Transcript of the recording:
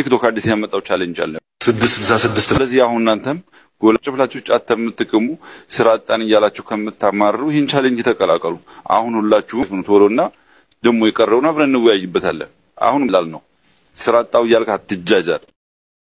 ቲክቶክ አዲስ ያመጣው ቻሌንጅ አለ ስድስት ስልሳ ስድስት ስለዚህ አሁን እናንተም ጎላችሁ ብላችሁ ጫት የምትቅሙ ስራ አጣን እያላችሁ ከምታማርሩ ይህን ቻሌንጅ ተቀላቀሉ። አሁን ሁላችሁ ቶሎና ደግሞ የቀረውን አብረን እንወያይበታለን። አሁን ላል ነው ስራ አጣው እያልክ አትጃጃል።